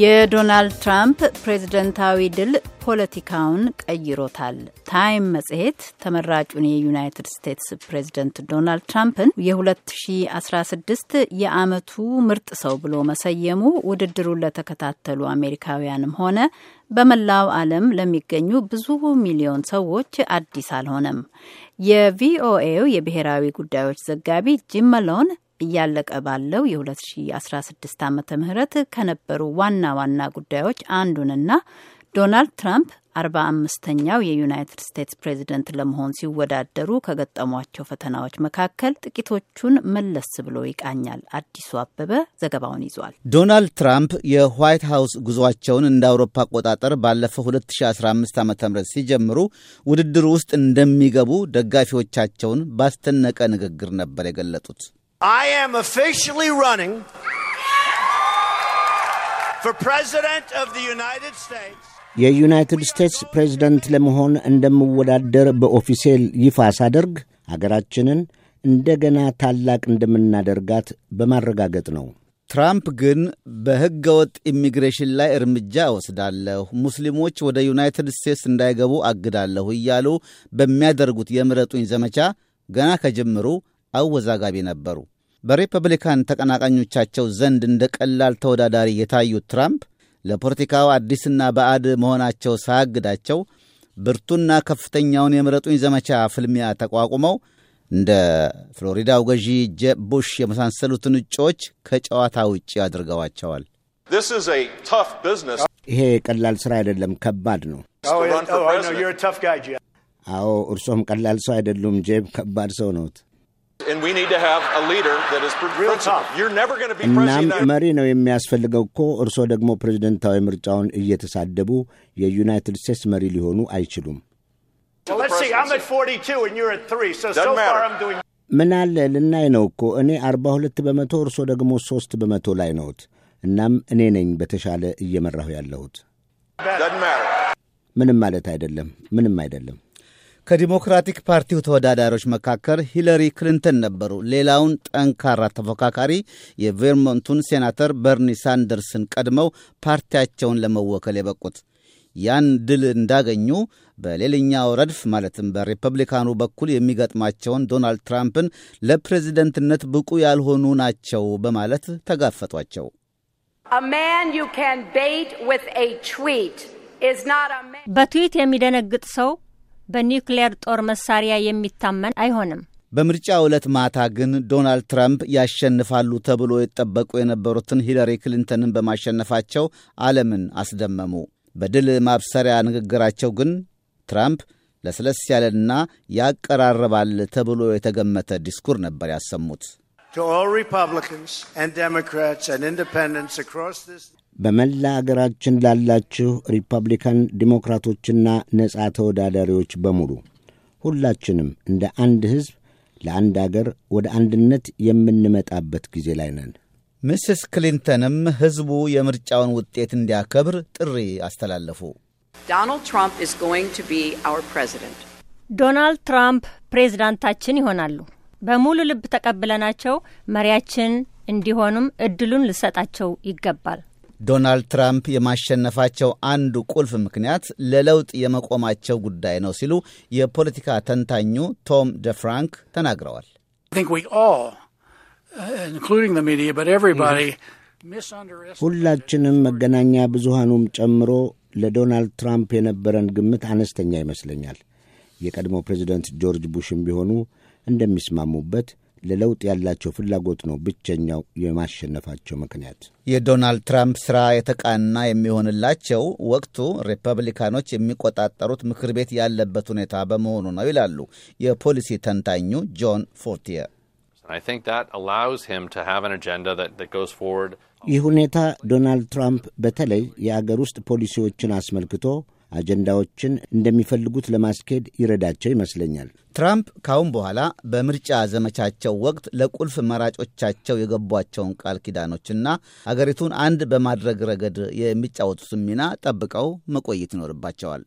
የዶናልድ ትራምፕ ፕሬዝደንታዊ ድል ፖለቲካውን ቀይሮታል። ታይም መጽሔት ተመራጩን የዩናይትድ ስቴትስ ፕሬዝደንት ዶናልድ ትራምፕን የ2016 የአመቱ ምርጥ ሰው ብሎ መሰየሙ ውድድሩን ለተከታተሉ አሜሪካውያንም ሆነ በመላው ዓለም ለሚገኙ ብዙ ሚሊዮን ሰዎች አዲስ አልሆነም። የቪኦኤው የብሔራዊ ጉዳዮች ዘጋቢ ጂም መሎን እያለቀ ባለው የ2016 ዓ ም ከነበሩ ዋና ዋና ጉዳዮች አንዱንና ዶናልድ ትራምፕ 45 አምስተኛው የዩናይትድ ስቴትስ ፕሬዚደንት ለመሆን ሲወዳደሩ ከገጠሟቸው ፈተናዎች መካከል ጥቂቶቹን መለስ ብሎ ይቃኛል። አዲሱ አበበ ዘገባውን ይዟል። ዶናልድ ትራምፕ የዋይት ሀውስ ጉዟቸውን እንደ አውሮፓ አቆጣጠር ባለፈው 2015 ዓ ም ሲጀምሩ ውድድሩ ውስጥ እንደሚገቡ ደጋፊዎቻቸውን ባስተነቀ ንግግር ነበር የገለጡት። I am officially running for president of the United States. የዩናይትድ ስቴትስ ፕሬዝደንት ለመሆን እንደምወዳደር በኦፊሴል ይፋ ሳደርግ አገራችንን እንደገና ታላቅ እንደምናደርጋት በማረጋገጥ ነው። ትራምፕ ግን በሕገ ወጥ ኢሚግሬሽን ላይ እርምጃ እወስዳለሁ፣ ሙስሊሞች ወደ ዩናይትድ ስቴትስ እንዳይገቡ አግዳለሁ እያሉ በሚያደርጉት የምረጡኝ ዘመቻ ገና ከጅምሩ አወዛጋቢ ነበሩ። በሪፐብሊካን ተቀናቃኞቻቸው ዘንድ እንደ ቀላል ተወዳዳሪ የታዩት ትራምፕ ለፖለቲካው አዲስና ባዕድ መሆናቸው ሳያግዳቸው ብርቱና ከፍተኛውን የምረጡኝ ዘመቻ ፍልሚያ ተቋቁመው እንደ ፍሎሪዳው ገዢ ጄብ ቡሽ የመሳሰሉትን እጩዎች ከጨዋታ ውጭ አድርገዋቸዋል። ይሄ ቀላል ሥራ አይደለም፣ ከባድ ነው። oh, አዎ እርሶም ቀላል ሰው አይደሉም ጄብ፣ ከባድ ሰው ነዎት። እናም መሪ ነው የሚያስፈልገው እኮ እርስዎ ደግሞ ፕሬዚደንታዊ ምርጫውን እየተሳደቡ የዩናይትድ ስቴትስ መሪ ሊሆኑ አይችሉም። ምናለ ልናይ ነው እኮ እኔ አርባ ሁለት በመቶ እርስዎ ደግሞ ሦስት በመቶ ላይ ነውት። እናም እኔ ነኝ በተሻለ እየመራሁ ያለሁት። ምንም ማለት አይደለም፣ ምንም አይደለም። ከዲሞክራቲክ ፓርቲው ተወዳዳሪዎች መካከል ሂለሪ ክሊንተን ነበሩ። ሌላውን ጠንካራ ተፎካካሪ የቬርሞንቱን ሴናተር በርኒ ሳንደርስን ቀድመው ፓርቲያቸውን ለመወከል የበቁት ያን ድል እንዳገኙ በሌላኛው ረድፍ ማለትም በሪፐብሊካኑ በኩል የሚገጥማቸውን ዶናልድ ትራምፕን ለፕሬዚደንትነት ብቁ ያልሆኑ ናቸው በማለት ተጋፈጧቸው። በትዊት የሚደነግጥ ሰው በኒውክሌር ጦር መሳሪያ የሚታመን አይሆንም። በምርጫ ዕለት ማታ ግን ዶናልድ ትራምፕ ያሸንፋሉ ተብሎ የጠበቁ የነበሩትን ሂለሪ ክሊንተንን በማሸነፋቸው ዓለምን አስደመሙ። በድል ማብሰሪያ ንግግራቸው ግን ትራምፕ ለስለስ ያለና ያቀራረባል ተብሎ የተገመተ ዲስኩር ነበር ያሰሙት። በመላ አገራችን ላላችሁ ሪፐብሊካን ዲሞክራቶችና ነጻ ተወዳዳሪዎች በሙሉ ሁላችንም እንደ አንድ ሕዝብ ለአንድ አገር ወደ አንድነት የምንመጣበት ጊዜ ላይ ነን። ምስስ ክሊንተንም ሕዝቡ የምርጫውን ውጤት እንዲያከብር ጥሪ አስተላለፉ። ዶናልድ ትራምፕ ፕሬዝዳንታችን ይሆናሉ። በሙሉ ልብ ተቀብለናቸው መሪያችን እንዲሆኑም እድሉን ልሰጣቸው ይገባል። ዶናልድ ትራምፕ የማሸነፋቸው አንዱ ቁልፍ ምክንያት ለለውጥ የመቆማቸው ጉዳይ ነው ሲሉ የፖለቲካ ተንታኙ ቶም ደፍራንክ ተናግረዋል። ሁላችንም መገናኛ ብዙሃኑም ጨምሮ ለዶናልድ ትራምፕ የነበረን ግምት አነስተኛ ይመስለኛል። የቀድሞ ፕሬዚደንት ጆርጅ ቡሽም ቢሆኑ እንደሚስማሙበት ለለውጥ ያላቸው ፍላጎት ነው ብቸኛው የማሸነፋቸው ምክንያት። የዶናልድ ትራምፕ ሥራ የተቃና የሚሆንላቸው ወቅቱ ሪፐብሊካኖች የሚቆጣጠሩት ምክር ቤት ያለበት ሁኔታ በመሆኑ ነው ይላሉ የፖሊሲ ተንታኙ ጆን ፎርቲየር። ይህ ሁኔታ ዶናልድ ትራምፕ በተለይ የአገር ውስጥ ፖሊሲዎችን አስመልክቶ አጀንዳዎችን እንደሚፈልጉት ለማስኬድ ይረዳቸው ይመስለኛል። ትራምፕ ካሁን በኋላ በምርጫ ዘመቻቸው ወቅት ለቁልፍ መራጮቻቸው የገቧቸውን ቃል ኪዳኖችና አገሪቱን አንድ በማድረግ ረገድ የሚጫወቱትን ሚና ጠብቀው መቆየት ይኖርባቸዋል።